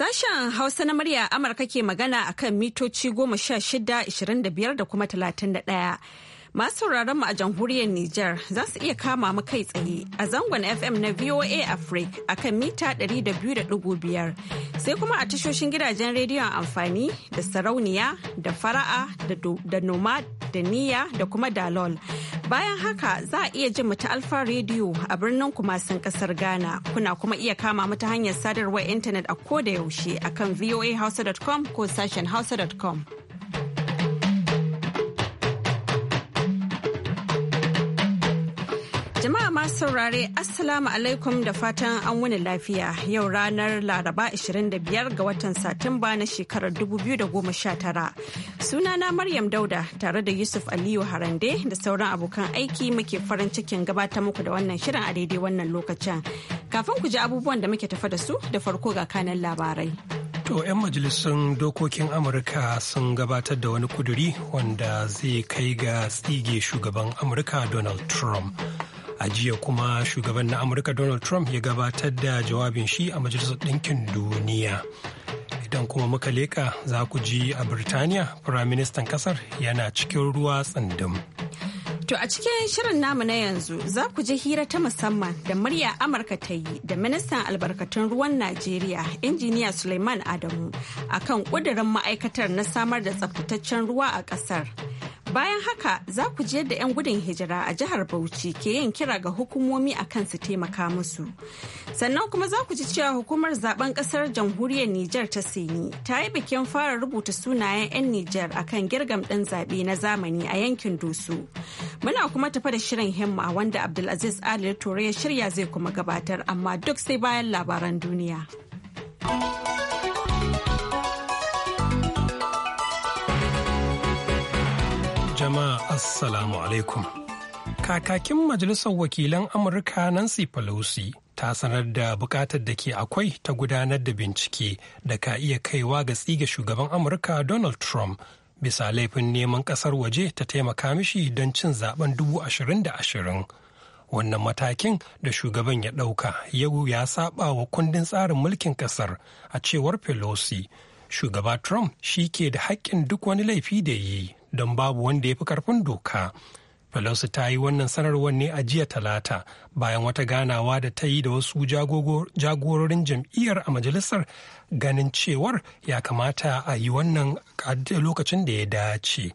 Sashen Hausa na murya Amurka ke magana akan mitoci goma sha shida, ishirin da biyar da kuma talatin da ɗaya. Masu sauraron mu a jamhuriyar Nijar za su iya kama mu kai tsaye a zangon FM na VOA Africa a kan mita 200.5 sai kuma a tashoshin gidajen rediyon amfani da sarauniya da fara'a da noma da niya da kuma dalol. Bayan haka za a iya jin mu ta Alfa Radio a birnin kumasin kasar Ghana. Kuna kuma iya kama mu ta hanyar sadarwar intanet a koda yaushe a kan voahausa.com ko sashen hausa.com. masu saurare Assalamu alaikum da fatan an wuni lafiya yau ranar Laraba 25 ga watan Satumba na shekarar 2019. Sunana Maryam Dauda tare da Yusuf Aliyu Harande da sauran abokan aiki muke farin cikin gabatar muku da wannan shirin a daidai wannan lokacin. Kafin ku ji abubuwan da muke tafa da su da farko ga kanan labarai. To 'yan majalisun dokokin Amurka sun gabatar da wani kuduri wanda zai kai ga tsige shugaban Amurka Donald Trump. a jiya kuma shugaban na amurka donald trump ya gabatar da jawabin shi a majalisar ɗinkin duniya idan kuma muka leƙa za ku ji a birtaniya firaministan ƙasar yana cikin ruwa tsandam. To a cikin shirin namu na yanzu za ku ji hira ta musamman da murya Amurka ta yi da ministan albarkatun ruwan Najeriya injiniya Suleiman Adamu akan ƙudurin ma'aikatar na samar da tsaftataccen ruwa a ƙasar. Bayan haka za ku ji yadda 'yan gudun hijira a jihar Bauchi ke yin kira ga hukumomi a kan su taimaka musu. Sannan kuma za ku ji cewa hukumar zaben kasar jamhuriyar Nijar ta Sini ta yi bikin fara rubuta sunayen 'yan Nijar a kan girgam ɗin zaɓe na zamani a yankin Dusu. Muna kuma tafa da shirin himma wanda Abdulaziz Adil Ture ya shirya zai kuma gabatar amma duk sai bayan labaran duniya. Jama'a Assalamu alaikum. Kakakin Majalisar Wakilan Amurka Nancy Pelosi ta sanar da bukatar da ke akwai ta gudanar da bincike da ka iya kaiwa ga tsige shugaban Amurka Donald Trump bisa laifin neman ƙasar waje ta taimaka mishi don cin zaben dubu ashirin da ashirin. Wannan matakin da shugaban ya ɗauka yau ya saba wa kundin tsarin mulkin ƙasar a cewar Pelosi. Shugaba Trump shi ke da haƙƙin duk wani laifi da yi don babu wanda ya fi ƙarfin doka. Pelosi ta yi wannan sanarwar ne a jiya talata bayan wata ganawa da ta yi da wasu jagororin jam'iyyar a majalisar ganin cewar ya kamata a yi wannan lokacin da ya dace.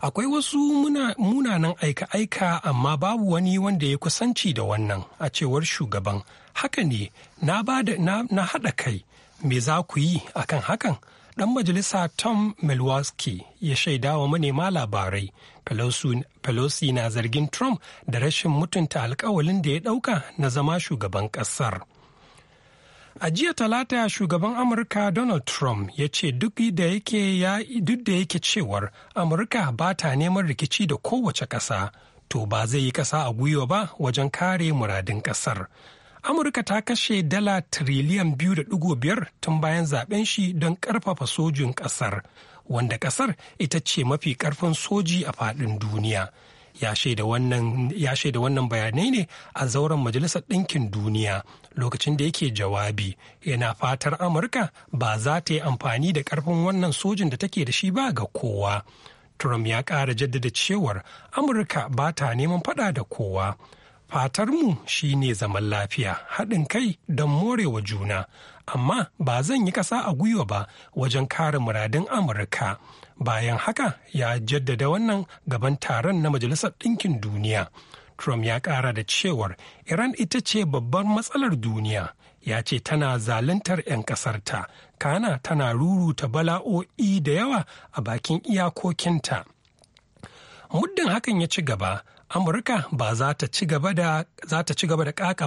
Akwai wasu munanan aika-aika amma babu wani wanda ya kusanci da wannan a cewar shugaban. Haka ne, na haɗa kai, me za ku yi akan hakan? Ɗan majalisa Tom Milwaukee ya shaida wa manema labarai Pelosi na zargin Trump da rashin mutunta alkawalin da ya ɗauka na zama shugaban ƙasar. A jiya talata shugaban Amurka Donald Trump ya ce duk da yake cewar Amurka ba ta neman rikici da kowace ƙasa, to ba zai yi ƙasa a gwiwa ba wajen kare muradin ƙasar. Amurka ta kashe dala tiriliyan biyu da ɗigo biyar tun bayan zaben shi don ƙarfafa sojin ƙasar, wanda ƙasar ita ce mafi ƙarfin soji a faɗin duniya. ya shaida wannan bayanai ne a zauren majalisar ɗinkin duniya lokacin da yake jawabi yana fatar amurka ba za ta yi amfani da ƙarfin wannan sojin da take da shi ba ga kowa trump ya ƙara jaddada cewar amurka ba ta neman faɗa da kowa fatarmu shi ne zaman lafiya haɗin kai don morewa juna amma ba zan yi ƙasa a gwiwa ba wajen kare muradin amurka bayan haka ya jaddada wannan gaban taron na majalisar ɗinkin duniya trump ya ƙara da cewar iran ita ce babbar matsalar duniya ya ce tana zaluntar 'yan ƙasarta kana tana ruruta bala'o'i da yawa a bakin iyakokinta muddin hakan ya ci gaba amurka ba za ta ci gaba da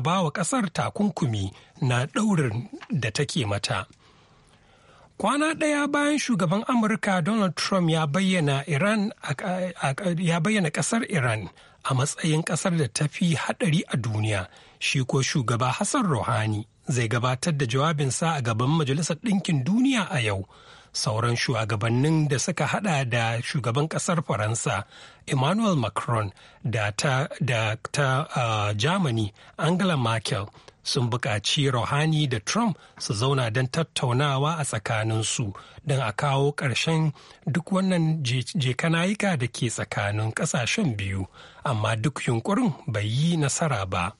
ba wa ƙasar takunkumi na ɗaurin da take mata kwana ɗaya bayan shugaban amurka donald trump ya bayyana ƙasar iran a matsayin ƙasar da ta fi haɗari a duniya shi ko shugaba hassan Rouhani, zai gabatar da jawabinsa a gaban majalisar ɗinkin duniya a yau sauran shugabannin da suka hada da shugaban kasar faransa emmanuel macron da ta, da ta uh, germany angela merkel sun buƙaci rohani da trump su zauna don tattaunawa a tsakaninsu don a kawo ƙarshen duk wannan jekanayika da ke tsakanin ƙasashen biyu amma duk yunkurin bai yi nasara ba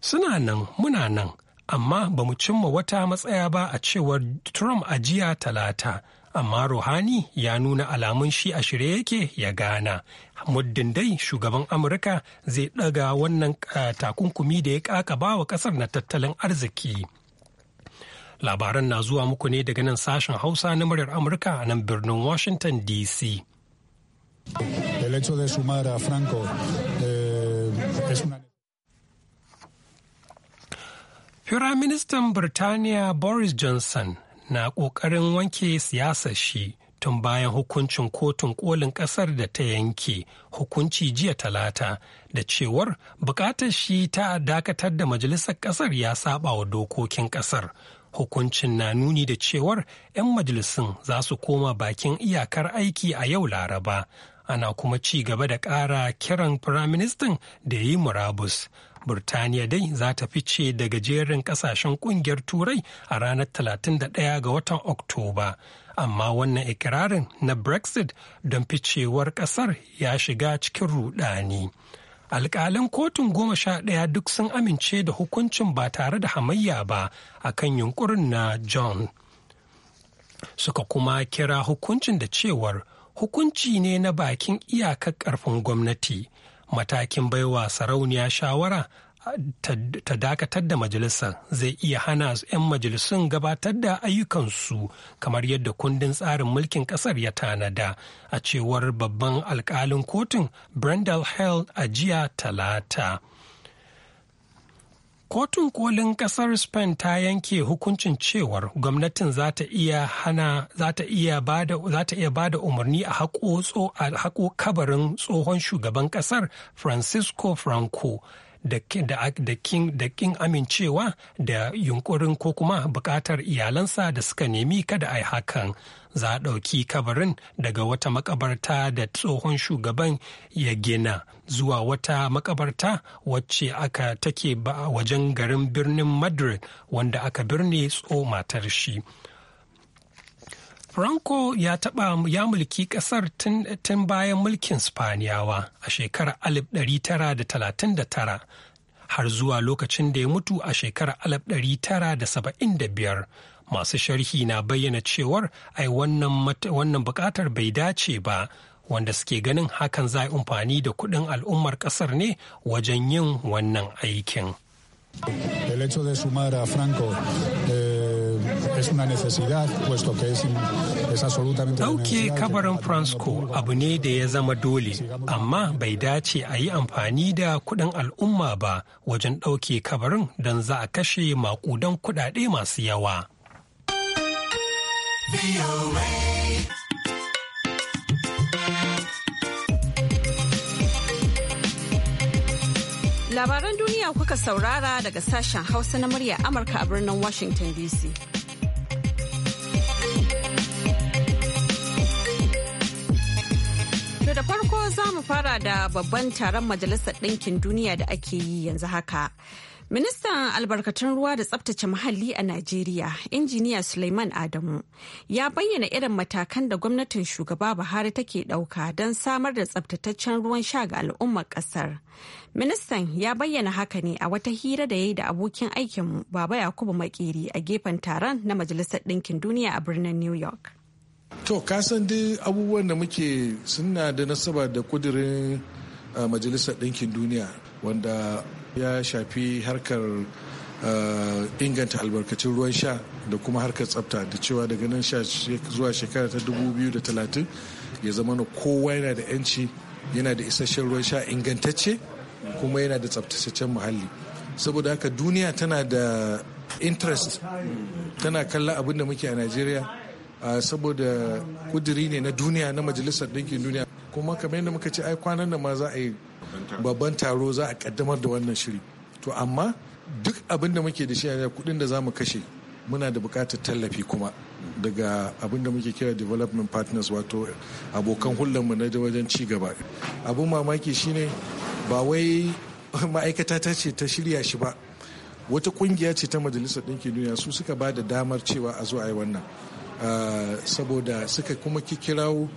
suna nan muna nan amma ba mu cimma wata matsaya ba a cewar Trump a jiya talata. Amma Rouhani ya nuna alamun shi a shirye yake ya gana. Muddin dai shugaban Amurka zai ɗaga wannan eh, takunkumi da ya ba wa ƙasar na tattalin arziki. Labaran na zuwa muku ne daga nan sashen Hausa na muryar Amurka a nan birnin Washington DC. El hecho de sumar a Franco eh, Firaministan Birtaniya Boris Johnson na ƙoƙarin wanke siyasar shi tun bayan hukuncin kotun kolin ƙasar da ta yanke hukunci jiya talata da cewar buƙatar shi ta dakatar da majalisar ƙasar ya saba wa dokokin ƙasar hukuncin na nuni da cewar 'yan majalisun za su koma bakin iyakar aiki a yau laraba ana kuma ci gaba da ƙara kiran firaministan da yi murabus Burtaniya dai za ta fice daga jerin kasashen kungiyar Turai a ranar 31 ga watan Oktoba. Amma wannan ikirarin na Brexit don ficewar kasar ya shiga cikin rudani. Alƙalin kotun goma sha ɗaya duk sun amince da hukuncin ba tare da hamayya ba a kan yunkurin na john suka kuma kira hukuncin da cewar hukunci ne na bakin iyakar ƙarfin gwamnati matakin baiwa sarauniya shawara ta dakatar da majalisar zai iya hana 'yan majalisun gabatar da ayyukansu kamar yadda kundin tsarin mulkin kasar ya tanada a cewar babban alkalin kotun brendel hell a jiya talata Kotun kolin kasar Spain ta yanke hukuncin cewar gwamnatin za ta iya bada umarni a haƙo a haƙo kabarin tsohon shugaban kasar Francisco Franco da kin da kin amincewa da yunkurin ko kuma buƙatar iyalansa da suka nemi kada a yi hakan. Za a ɗauki kabarin daga wata makabarta da tsohon shugaban ya gina zuwa wata makabarta wacce aka take ba wajen garin birnin madrid wanda aka birne tso matar shi Franco ya taba ya mulki ƙasar tun bayan mulkin Spaniyawa a shekarar 1939 har zuwa lokacin da ya mutu a shekarar 1975. Masu sharhi na bayyana cewar ai wannan bukatar bai dace ba wanda suke ganin hakan za amfani da kuɗin al'ummar ƙasar ne wajen yin wannan aikin. El Dauke eh, kabarin fransko abu ne da ya zama dole amma bai dace a yi amfani da kuɗin al'umma ba wajen ɗauke kabarin don za a kashe maƙudan kuɗaɗe masu yawa. Labaran duniya kuka saurara daga sashen Hausa na murya Amurka a birnin Washington DC. To da farko za mu fara da babban taron Majalisar Ɗinkin Duniya da ake yi yanzu haka. Ministan albarkatun ruwa da tsabtace muhalli a Najeriya, injiniya Suleiman Adamu, ya bayyana irin matakan da gwamnatin shugaba Buhari take ɗauka don samar da tsabtataccen ruwan sha ga al'ummar ƙasar. Ministan ya bayyana haka ne a wata hira da ya yi da abokin aikinmu Baba Yakubu Makeri a gefen taron na Majalisar Dinkin Duniya a birnin New York. To, kasan dai abubuwan da muke suna da nasaba da kudirin eh, Majalisar Ɗinkin Duniya wanda ya shafi harkar eh, inganta albarkacin ruwan sha da kuma harkar tsafta da cewa daga nan sha zuwa shekara ta 2030 ya zama na kowa yana da 'yanci yana da isasshen ruwan sha ingantacce kuma yana da tsaftataccen muhalli saboda haka duniya tana da interest tana kallon abin da muke a najeriya eh, saboda kuduri ne na duniya na majalisar ɗinkin duniya kuma kamar yadda muka ce ai kwanan nan ma za a yi babban taro za a kaddamar da wannan shiri to amma duk abin da muke da shi a kudin da za mu kashe muna da bukatar tallafi kuma daga abin da muke kira development partners wato abokan mu na wajen ci gaba Abun mamaki shine ba wai ma'aikata ta ce ta shirya shi ba wata kungiya ce ta majalisar ɗinkin duniya su suka ba da damar cewa a zo a yi wannan ah, saboda suka kuma kikirawo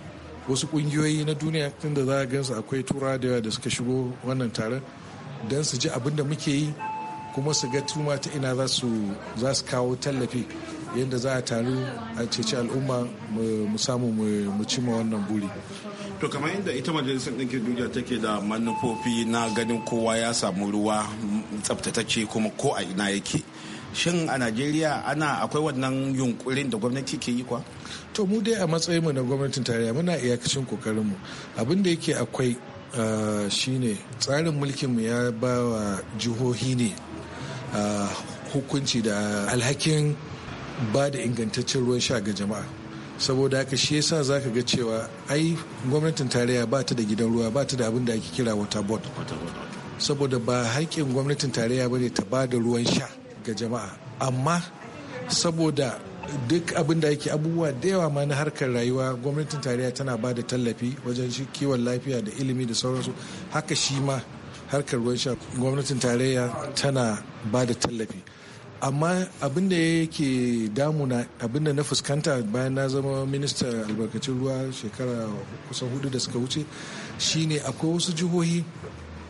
wasu kungiyoyi na duniya tunda za a gansu akwai tura da yawa da suka shigo wannan taron don su ji abin da muke yi kuma su ga tuma ta ina za su kawo tallafi yadda za a taru a ceci al'umma mu samu mu cima wannan buri to kamar yadda ita majalisar ɗinkin duniya take da manufofi na ganin kowa ya samu ruwa tsabtatacce kuma ko a ina yake shin a najeriya ana akwai wannan yunkurin da gwamnati ke yi kwa to mu dai a matsayinmu na gwamnatin tarayya muna iyakacin kokarinmu abin da yake akwai shine tsarin mulkinmu ya ba wa jihohi ne hukunci da alhakin ba da ingantaccen ruwan sha ga jama'a saboda haka shi yasa za ka ga cewa ai gwamnatin tarayya ba ta da gidan ruwa ba ta da abin da ake kira water board saboda ba haƙƙin gwamnatin tarayya ba ne ta ba da ruwan sha ga jama'a amma saboda duk abin da yake abubuwa da yawa ma na harkar rayuwa gwamnatin tarayya tana ba da tallafi wajen shi kiwon lafiya da ilimi da sauransu haka shi ma harkar ruwan sha gwamnatin tarayya tana ba da tallafi amma abin da yake damuna abin da na fuskanta bayan na zama minista albarkacin ruwa shekara kusan hudu da suka wuce shine akwai wasu jihohi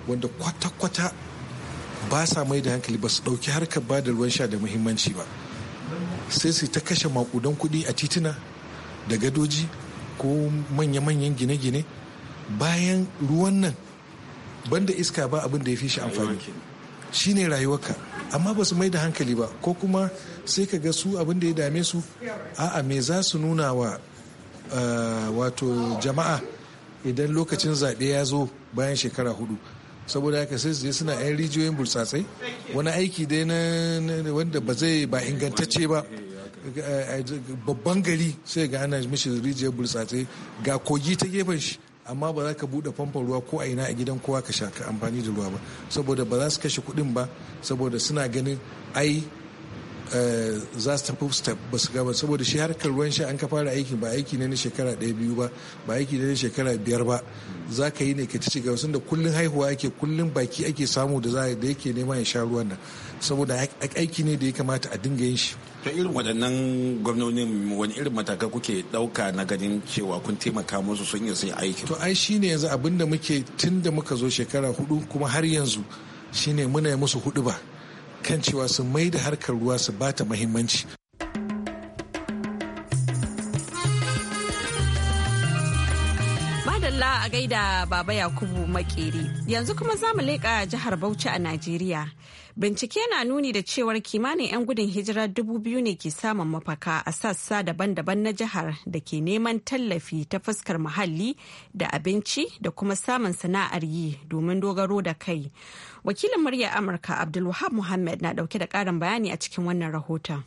wanda kwata-kwata ba sa mai da hankali ba su ɗauki harkar ba da ruwan sha da muhimmanci ba sai su ta kashe makudan kuɗi a tituna da gadoji ko manya-manyan gine-gine bayan ruwan nan banda iska ba abin da ya fi shi amfani shi ne rayuwarka amma ba su mai da hankali ba ko kuma sai ka ga su abin da ya dame su a'a me za su nuna wa eh, wato jama'a idan lokacin zaɓe ya zo bayan shekara hudu saboda haka sai su suna yan rijiyoyin bursasai wani aiki dai na wanda ba zai ba ingantacce ba eh, eh, babban gari sai ga ana mishi rijiyar bursasai ga kogi ta gefen shi amma ba za ka buɗe famfon ruwa ko a ina a gidan kowa ka sha amfani da ruwa ba saboda ba za su kashe kuɗin ba saboda suna ganin ai Eh, za su tafi step ba su gaba saboda shi harkar ruwan sha an ka fara aiki ba aiki ne na shekara ɗaya biyu ba ba aiki ne na shekara biyar ba za ka yi ne ka ci gaba da kullum haihuwa ake kullum baki ake samu da za da yake nema ya sha ruwan nan saboda aiki ne da ya kamata a dinga yin shi to irin waɗannan gwamnonin wani irin matakai kuke ɗauka na ganin cewa kun taimaka musu sun yi sai aiki to ai shine yanzu abinda muke tun da muka zo shekara hudu kuma har yanzu shine muna musu hudu ba kan cewa su mai da harkar ruwa su bata muhimmanci gaida Baba Yakubu Makeri. Yanzu kuma za mu leƙa jihar Bauchi a Najeriya. Bincike na nuni da cewar kimanin 'yan gudun hijira dubu biyu ne ke samun mafaka a sassa daban-daban na jihar da ke neman tallafi ta fuskar muhalli da abinci da kuma samun sana'ar yi domin dogaro da kai. Wakilin murya Amurka Abdulwahab Muhammad na dauke da ƙarin bayani a cikin wannan rahoton.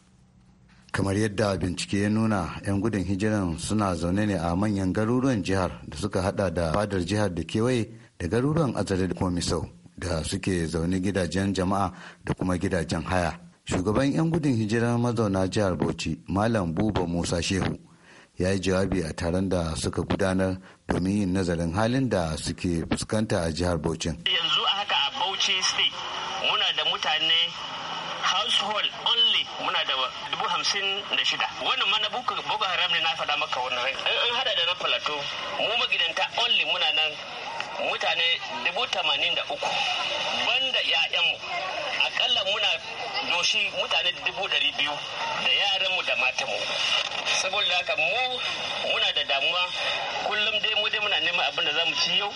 kamar yadda bincike ya nuna 'yan gudun hijiran suna zaune ne a manyan garuruwan jihar da suka hada da fadar jihar da kewaye da garuruwan azare da kuma sau da suke zaune gidajen jama'a da kuma gidajen haya shugaban 'yan gudun hijirar mazauna jihar bauchi malam buba musa shehu ya yi jawabi a taron da suka gudanar domin yin nazarin halin da suke fuskanta a jihar bauchi yanzu a haka a bauchi state muna da mutane household da dubu hamsin da shida wannan mana boko haram ne na faɗa maka wannan an hada da na falato mu magidanta only muna nan mutane dubu tamanin da banda 'ya'yanmu akalla muna doshi mutane dubu dari biyu da yaranmu da matanmu saboda haka mu muna da damuwa kullum dai mu dai muna neman abin da za mu ci yau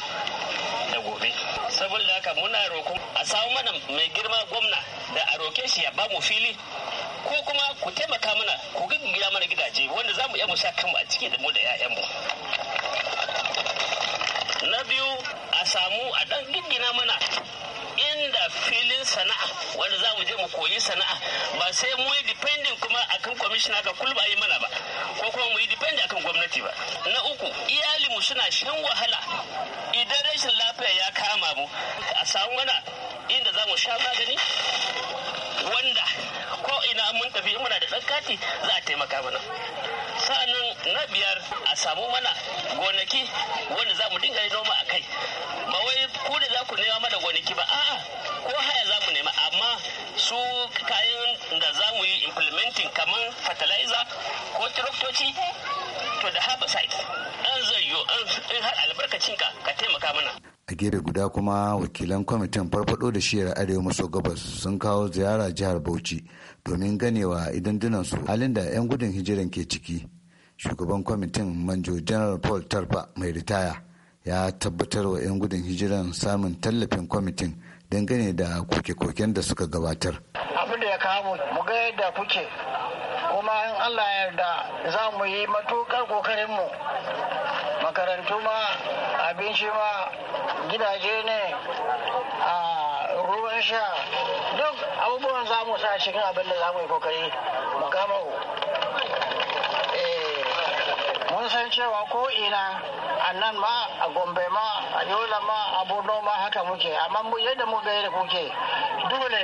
da gobe saboda haka muna roƙo a samu mana mai girma gwamna da a roke shi ya ba mu fili ko kuma ku taimaka mana ku gaggira mana gidaje wanda za mu iya mu sa kanmu a ciki da mu da 'ya'yanmu na biyu a samu a dan giggina mana inda filin sana'a wanda za mu je mu koyi sana'a ba sai mu yi depending kuma akan kwamishina ga kulba yi mana ba ko kuma mu yi depending akan gwamnati ba na uku iyali mu suna shan wahala idan rashin lafiya ya kama mu a samu mana inda za mu sha magani wanda ko ina mun tafi muna da ɗan kati za a taimaka mana guda biyar a samu mana gonaki wanda za mu dinga noma a kai ba wai ku da za ku nema mana gonaki ba a'a ko haya za mu nema amma su kayan da za mu yi implementing kamar fertilizer ko tractoci to da herbicide an zai in har albarkacin ka ka taimaka mana a gefe guda kuma wakilan kwamitin farfado da shiyar arewa maso gabas sun kawo ziyara jihar bauchi domin ganewa idan dinansu halin da 'yan gudun hijiran ke ciki shugaban kwamitin manjo general paul tarfa mai ritaya ya tabbatar wa 'yan gudun hijiran samun tallafin kwamitin dangane da koke-koken da suka gabatar abin da ya kamu mu ga yadda kuke kuma in allah yarda za mu yi matukar kokarinmu makarantu ma abinci ma gidaje ne a ruwan sha duk abubuwan za mu sa cikin abin da za mu yi kokari mu kama mun san cewa ko ina a nan ma a gombe ma a yola ma a borno ma haka muke amma yadda mu ga yadda kuke dole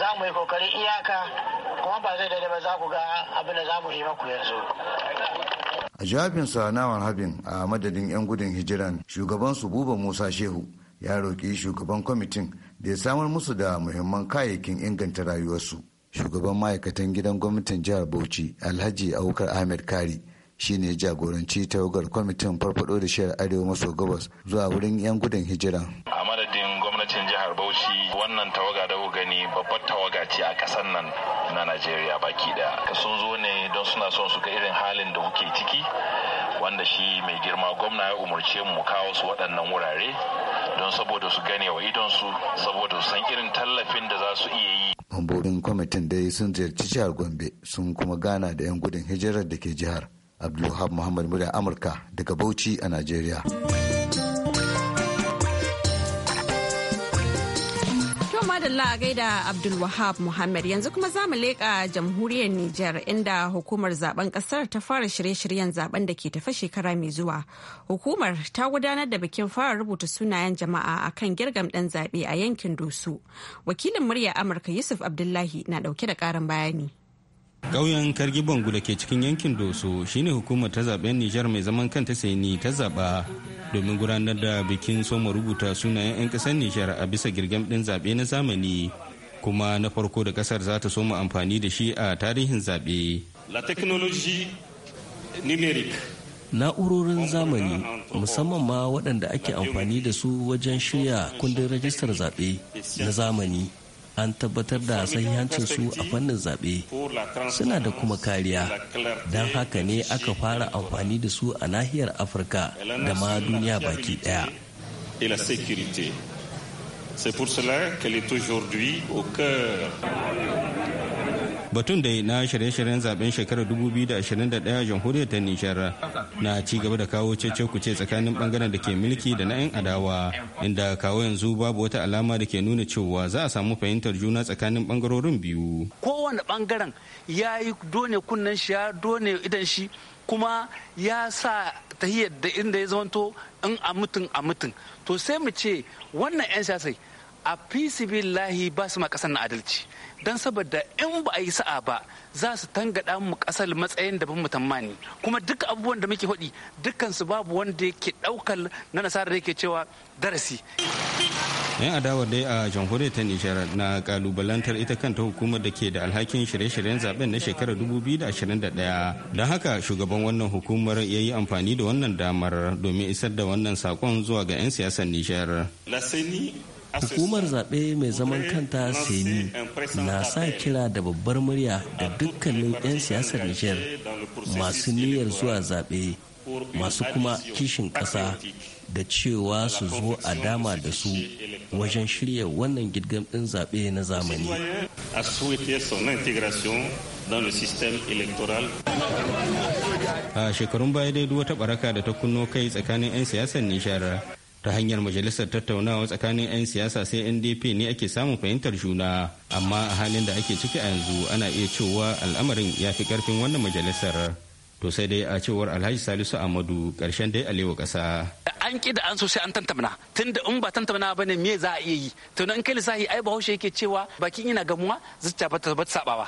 za mu yi kokari iyaka kuma ba zai daidai ba za ku ga abin da za mu yi maku yanzu a jawabinsa sanawar habin a madadin 'yan gudun hijiran shugaban su buba musa shehu ya roƙi shugaban kwamitin da ya samar musu da muhimman kayayyakin inganta rayuwarsu shugaban ma'aikatan gidan gwamnatin jihar bauchi alhaji abubakar ahmed kari shine jagoranci tawagar kwamitin farfado da shiyar arewa maso gabas zuwa wurin 'yan gudun hijira. a madadin gwamnatin jihar bauchi wannan tawaga da gani babbar tawaga ce a kasar nan na najeriya baki daya sun zo ne don suna son su ga irin halin da kuke ciki wanda shi mai girma gwamna ya umarce mu kawo su waɗannan wurare don saboda su gane wa idon su saboda su san irin tallafin da za su iya yi mambobin kwamitin dai sun ziyarci jihar gombe sun kuma gana da 'yan gudun hijirar da ke jihar abdulwahab muhammad murya amurka daga bauchi a najeriya madalla a gaida abdulwahab muhammad yanzu kuma za mu leƙa jamhuriyar Nijar, inda hukumar zaben ƙasar ta fara shirye-shiryen zaben da ke tafe shekara mai zuwa hukumar ta gudanar da bikin fara rubuta sunayen jama'a a kan girgam ɗan zaɓe a yankin dosu wakilin murya amurka yusuf abdullahi na ɗauke da ƙarin bayani Ƙauyen bangu da ke cikin yankin Doso shine hukumar ta zaɓen Nijar mai zaman kanta Saini ta zaɓa domin gudanar da bikin soma rubuta sunayen 'yan ƙasar Nijar a bisa girgen ɗin zaɓe na zamani kuma na farko da ƙasar za ta soma amfani da shi a tarihin zaɓe. La technologie na'urorin zamani musamman ma waɗanda ake amfani da su wajen shirya kundin rajistar zaɓe na zamani an tabbatar da sahihancin su a fannin zaɓe suna da kuma kariya don haka ne aka fara amfani da su a nahiyar afirka da ma duniya baki ɗaya C'est batun da na shirye-shiryen zaben shekarar 2021 jamhuriyar ta nijar na ci gaba da kawo cece kuce tsakanin bangaren da ke mulki da na 'yan adawa inda kawo yanzu babu wata alama da ke nuna cewa za a samu fahimtar juna tsakanin bangarorin biyu kowane bangaren ya yi done kunnen shi ya done idan shi kuma ya sa tahiyar da inda ya zamanto in a mutum a mutum to sai mu ce wannan 'yan siyasai a fisibillahi ba su ma kasar na adalci don saboda in ba a yi sa'a ba za su tangada mu kasar matsayin da ban mutammani kuma duka abubuwan da muke faɗi dukkan su babu wanda yake ɗaukar na nasarar da yake cewa darasi yan adawa dai a jamhuriyar ta nijar na kalubalantar ita kanta hukumar da ke da alhakin shirye-shiryen zaben na shekarar 2021 don haka shugaban wannan hukumar ya yi amfani da wannan damar domin isar da wannan sakon zuwa ga 'yan siyasar nijar. Hukumar zaɓe mai zaman kanta Seni na sa kira da babbar murya da dukkanin 'yan siyasar Nijar masu niyyar zuwa zaɓe masu kuma kishin ƙasa da cewa su zo a dama da su wajen shirya wannan girgam ɗin zaɓe na zamani. A shekarun baya dai wata baraka da ta kunno kai tsakanin 'yan siyasar Nijar ta hanyar majalisar tattaunawa tsakanin 'yan siyasa sai ndp ne ake samun fahimtar juna amma a halin da ake ciki a yanzu ana iya cewa al'amarin ya fi karfin wannan majalisar to sai dai a cewar alhaji salisu amadu karshen dai alewa kasa an ki da an so sai an tantamna tunda in ba tantamna bane me za a iya yi to in kai lissafi ai bahaushe yake cewa bakin ina gamuwa zuciya ba ta sabawa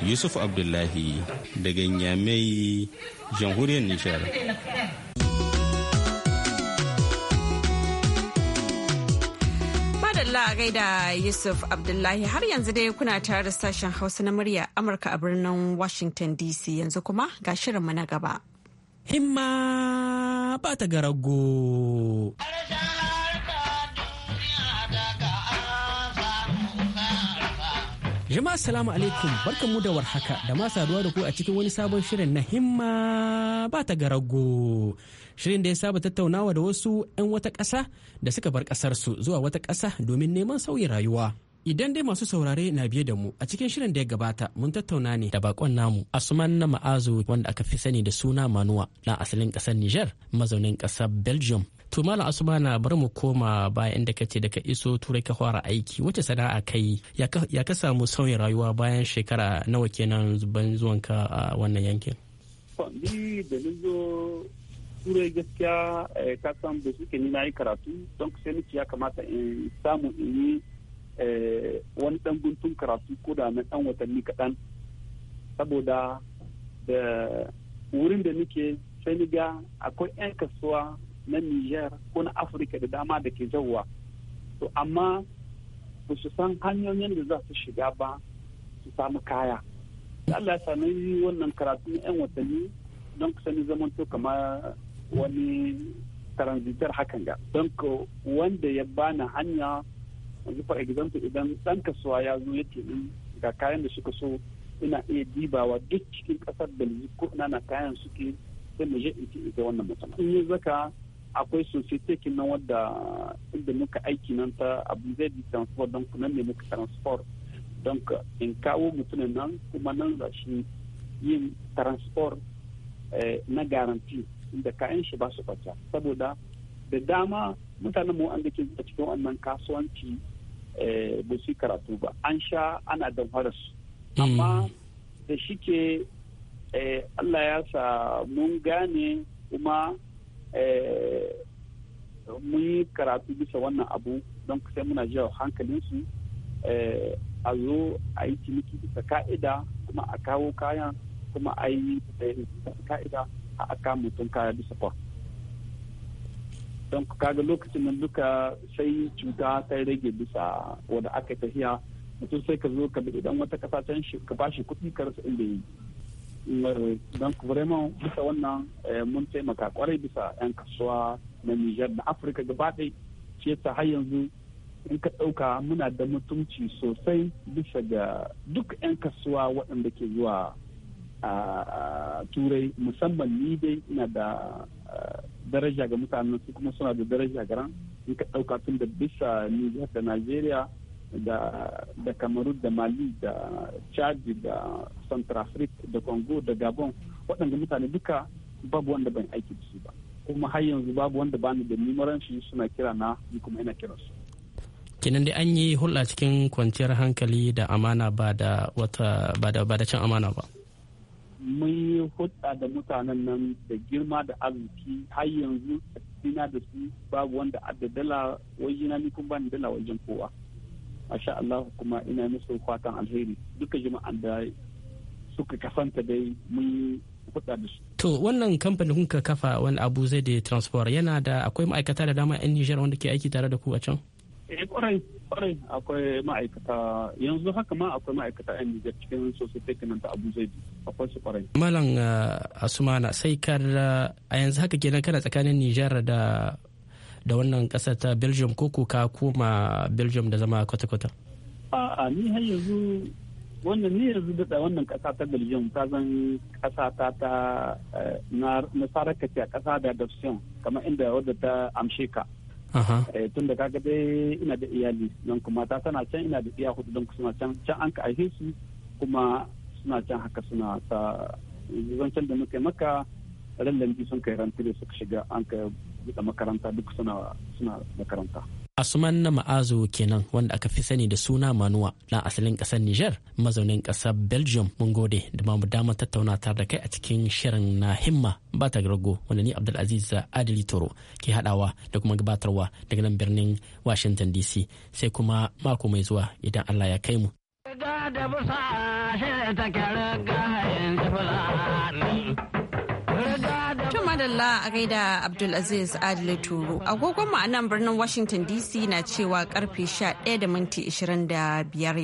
yusuf abdullahi daga nyamai jamhuriyar nishar Allah gaida Yusuf Abdullahi har yanzu dai kuna tare da sashen Hausa na murya Amurka a birnin Washington DC yanzu kuma ga shirinmu na gaba. Himma ba ta garago. Jama'a salamu alaikum barkanmu da warhaka da ma saduwa da ku a cikin wani sabon shirin na himma ba ta garago. Shirin da ya saba tattaunawa da wasu 'yan wata ƙasa da suka bar ƙasarsu zuwa wata ƙasa domin neman sauyin rayuwa. Idan dai masu saurare na biye da mu a cikin shirin da ya gabata mun tattauna ne da bakon namu Asuman na Ma'azu wanda aka fi sani da suna Manuwa na asalin ƙasar Niger mazaunin ƙasar Belgium to mala asmana bari mu koma bayan da kace daga iso turai ka fara aiki wace sana'a kai ya ka samu sauyin rayuwa bayan shekara nawa kenan zuban zuwan ka a wannan yankin ni da turai gaskiya eh, ka san da suke ni na yi karatu don kusa ni ya kamata in samu in yi eh, wani dan guntun karatu ko da na dan watanni kaɗan saboda da wurin da nike sai ni ga akwai 'yan kasuwa na Niger ko na Afirka da dama da ke zauwa. To amma ba su san hanyoyin da za su shiga ba su samu kaya. Allah ya sami wannan karatu na 'yan watanni don ku sani to kamar wani transitar hakan ga. Don wanda ya bana hanya yanzu for example idan ɗan kasuwa ya zo ya ce ga kayan da suka so ina iya dibawa duk cikin kasar da ko ina na kayan suke sai mu je in ce ita wannan mutum. In yi zaka akwai society kinan wadda inda muka aiki nan ta abu zai di transfer don kuma ne muka transport don in kawo mutumin nan kuma nan za shi yin transport eh, na garanti inda kayan shi ba su kwata saboda da dama mutanen mu an dake cikin wannan kasuwanci eh, ba su karatu ba an sha ana damfara su hmm. amma da shike eh, Allah ya sa mun gane kuma Eh, mun yi karatu bisa wannan abu don sai muna jawo hankalinsu eh, a zo a yi ciniki bisa ka'ida kuma a kawo kayan kuma a yi eh, ka'ida a aka mutum kaya bisa kwa don kaga lokacin nan duka sai cuta ta rage bisa wadda aka tafiya mutum sai ka zo ka bi idan wata kasa can ka bashi kuɗi ka inda yi Eh, don vraiment bisa wannan eh, mun taimaka kwarai bisa 'yan kasuwa na Nijar da Afirka gaba ɗai ce ta har yanzu in ka ɗauka muna da mutunci sosai bisa ga duk 'yan kasuwa waɗanda ke zuwa a turai musamman ni dai ina da daraja ga mutanen su kuma suna da daraja garan in ka ɗauka tun da bisa Nijar da Najeriya da da kamaru da mali da chad da centrafric da congo da gabon waɗanda mutane duka babu wanda ban aiki da su ba kuma har yanzu babu wanda ba ni da nimaran shi suna kira na ni kuma ina kiran su kinan dai an yi hulɗa cikin kwanciyar hankali da amana ba da wata ba da ba da cin amana ba mun yi hulɗa da mutanen nan da girma da arziki har yanzu a da su babu wanda adda dala wajen ni kuma ba dala wajen kowa masha Allah kuma ina musu fatan alheri duka jama'an da suka kasanta dai mun yi kuɗa da su. To wannan kamfanin kuka kafa wani abu zai da transport yana da akwai ma'aikata da dama 'yan Nijar wanda ke aiki tare da ku a can? Eh kwarai kwarai akwai ma'aikata yanzu haka ma akwai ma'aikata 'yan Nijar cikin sosai kenan ta Abu Zaidi akwai su kwarai. Malam eh, Asumana sai kar eh, a yanzu haka kenan kana tsakanin Nijar da da wannan kasar ta belgium ko ka koma belgium da zama kwata-kwata a ni har yanzu wannan ni yanzu da wannan kasa ta belgium ta zan kasa ta ta eh, na sarakace a kasa da adoption kamar inda wadda ta amshe ka eh, tun da kaga dai ina da iyali don kuma ta tana can ina da iya hudu don suna can can an ka aihe su kuma suna can haka suna ta zancen da muka maka ɗan lambi sun kai ran da suka shiga an ka da makaranta duk suna suna makaranta Asuman na ma'azo kenan wanda aka fi sani da suna Manuwa na asalin ƙasar nijar mazaunin ƙasar Belgium mun gode da mamu damar tattauna tare da kai a cikin shirin na himma ba ta rago wanda ni Abdulaziz Adili Toro ke haɗawa da kuma gabatarwa daga nan birnin Washington DC sai kuma mako mai zuwa idan Allah ya kai mu. Da madalla a gaida Abdulaziz Adile Turo. Agogon mu a nan birnin Washington DC na cewa karfe 11 da minti 25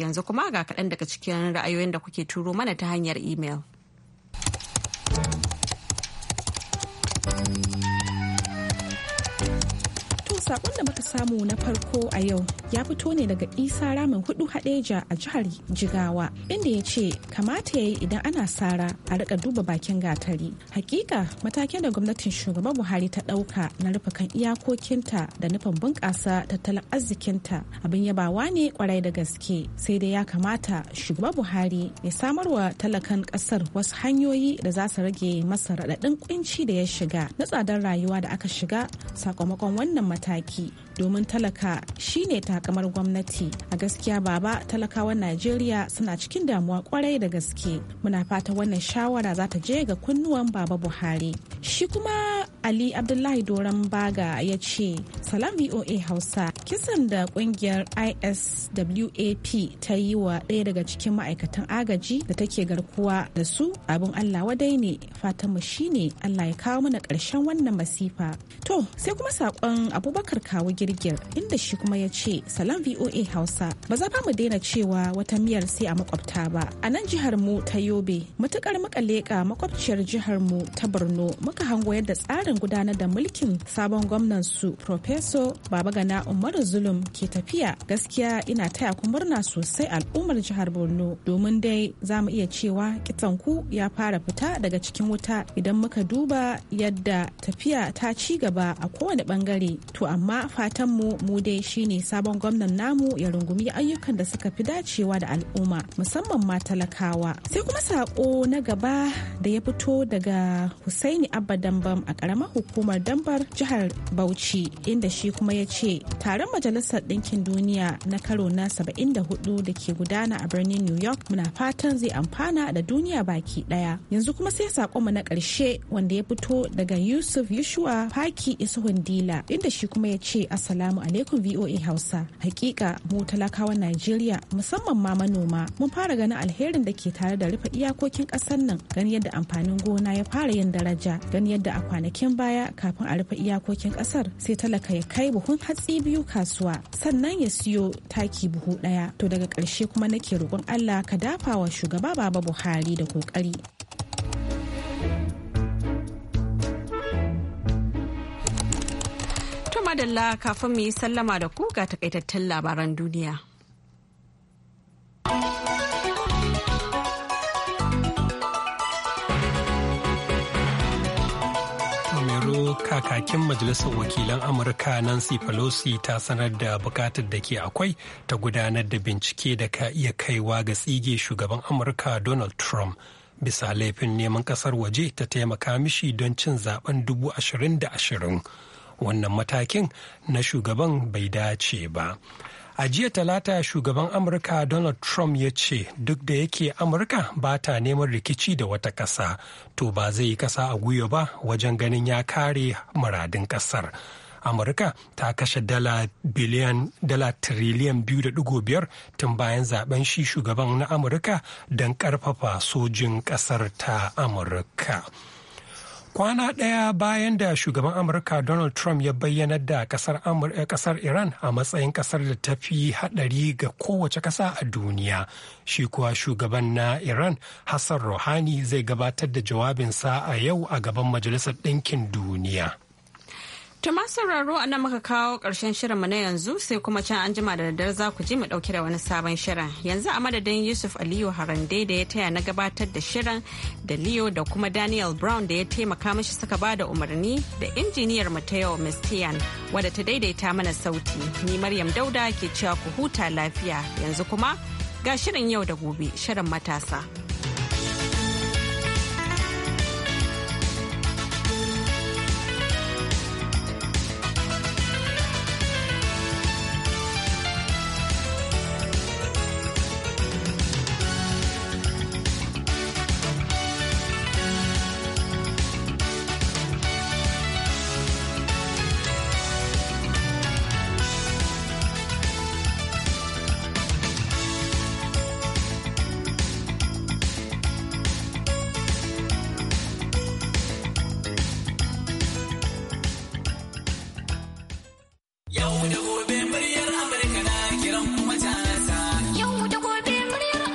yanzu kuma ga kaɗan daga cikin ra'ayoyin da kuke turo mana ta hanyar email. sakon da muka samu na farko a yau ya fito ne daga isa ramin hudu hadeja a jihar jigawa inda ya ce kamata ya yi idan ana sara a rika duba bakin gatari hakika matakin da gwamnatin shugaban buhari ta dauka na rufe kan iyakokinta da nufin bunƙasa tattalin arzikinta abin yabawa ne kwarai da gaske sai dai ya kamata shugaban buhari ya samarwa talakan kasar wasu hanyoyi da za su rage masa raɗaɗin kunci da ya shiga na tsadar rayuwa da aka shiga sakamakon wannan mataki ki domin talaka shine takamar gwamnati a gaskiya baba talakawan najeriya suna cikin damuwa kwarai da gaske muna fata wannan shawara za ta je ga kunnuwan baba buhari shi kuma Ali Abdullahi Doron Baga ya ce, Salam VOA Hausa, kisan da kungiyar ISWAP ta yi wa ɗaya daga cikin ma'aikatan agaji da take garkuwa da su abin Allah wadai ne mu shine Allah ya kawo mana ƙarshen wannan masifa. To, sai kuma saƙon Abubakar Kawu Girgir inda shi kuma ya ce, Salam VOA Hausa, ba za mu daina cewa wata miyar sai a makwabta ba. A nan jihar mu ta Yobe, matuƙar muka makwabciyar jihar mu ta Borno muka hango yadda tsarin tsarin gudanar da mulkin sabon gwamnan su Profeso Babagana Umaru Zulum ke tafiya gaskiya ina taya ku murna sosai al'ummar jihar Borno domin dai za mu iya cewa ku ya fara fita daga cikin wuta idan muka duba yadda tafiya ta ci gaba a kowane bangare to amma fatan mu mu dai shine sabon gwamnan namu ya rungumi ayyukan da suka fi dacewa da al'umma musamman ma talakawa sai kuma sako na gaba da ya fito daga Husaini Abba Dambam a karamar hukumar dambar jihar bauchi inda shi kuma ya ce taron majalisar ɗinkin duniya na karo na 74 da ke gudana a birnin new york muna fatan zai amfana da duniya baki ɗaya yanzu kuma sai mu na ƙarshe wanda ya fito daga yusuf yushua faki isuhun dila inda shi kuma ya ce assalamu alaikum voa hausa hakika mu talakawan najeriya musamman ma manoma mun fara ganin alherin da ke tare da rufe iyakokin ƙasar nan gani yadda amfanin gona ya fara yin daraja gani yadda a kwanakin baya kafin a rufe iyakokin kasar sai talaka ya kai buhun hatsi biyu kasuwa sannan ya siyo taki buhu daya to daga ƙarshe kuma nake roƙon allah ka dafa wa shugaba baba buhari da ƙoƙari madalla kafin mu yi sallama da ku ga takaitattun labaran duniya. kakakin majalisar wakilan amurka nancy pelosi ta sanar da bukatar da ke akwai ta gudanar da bincike da ka iya kaiwa ga tsige shugaban amurka donald trump bisa laifin neman kasar waje ta taimaka mishi don cin zaben dubu ashirin da ashirin wannan matakin na shugaban bai dace ba A jiya talata shugaban Amurka Donald Trump ya ce duk da yake Amurka ba ta neman rikici da wata ƙasa, to ba zai yi ƙasa a gwiwa ba wajen ganin ya kare muradin ƙasar. Amurka ta kashe dala biliyan triliyan biyu da digo biyar tun bayan zaben shi shugaban na Amurka don ƙarfafa sojin ƙasar ta Amurka. kwana ɗaya bayan da shugaban amurka donald trump ya bayyana da eh, ƙasar iran a matsayin ƙasar da ta fi haɗari ga kowace ƙasa a duniya shi kuwa shugaban na iran hassan rouhani zai gabatar da jawabinsa a yau a gaban majalisar ɗinkin duniya Tuma sauraro a nan muka kawo ƙarshen shirinmu na yanzu sai kuma can an jima da daddare za ku je mu ɗauki da wani sabon shirin. Yanzu a madadin Yusuf Aliyu Harande da ya taya na gabatar da shirin da Leo da kuma Daniel Brown da ya taimaka mishi suka ba da umarni da injiniyar mu ta yau Miss Tian wadda ta daidaita mana sauti. Ni Maryam Dauda ke cewa ku huta lafiya yanzu kuma ga shirin yau da gobe shirin matasa.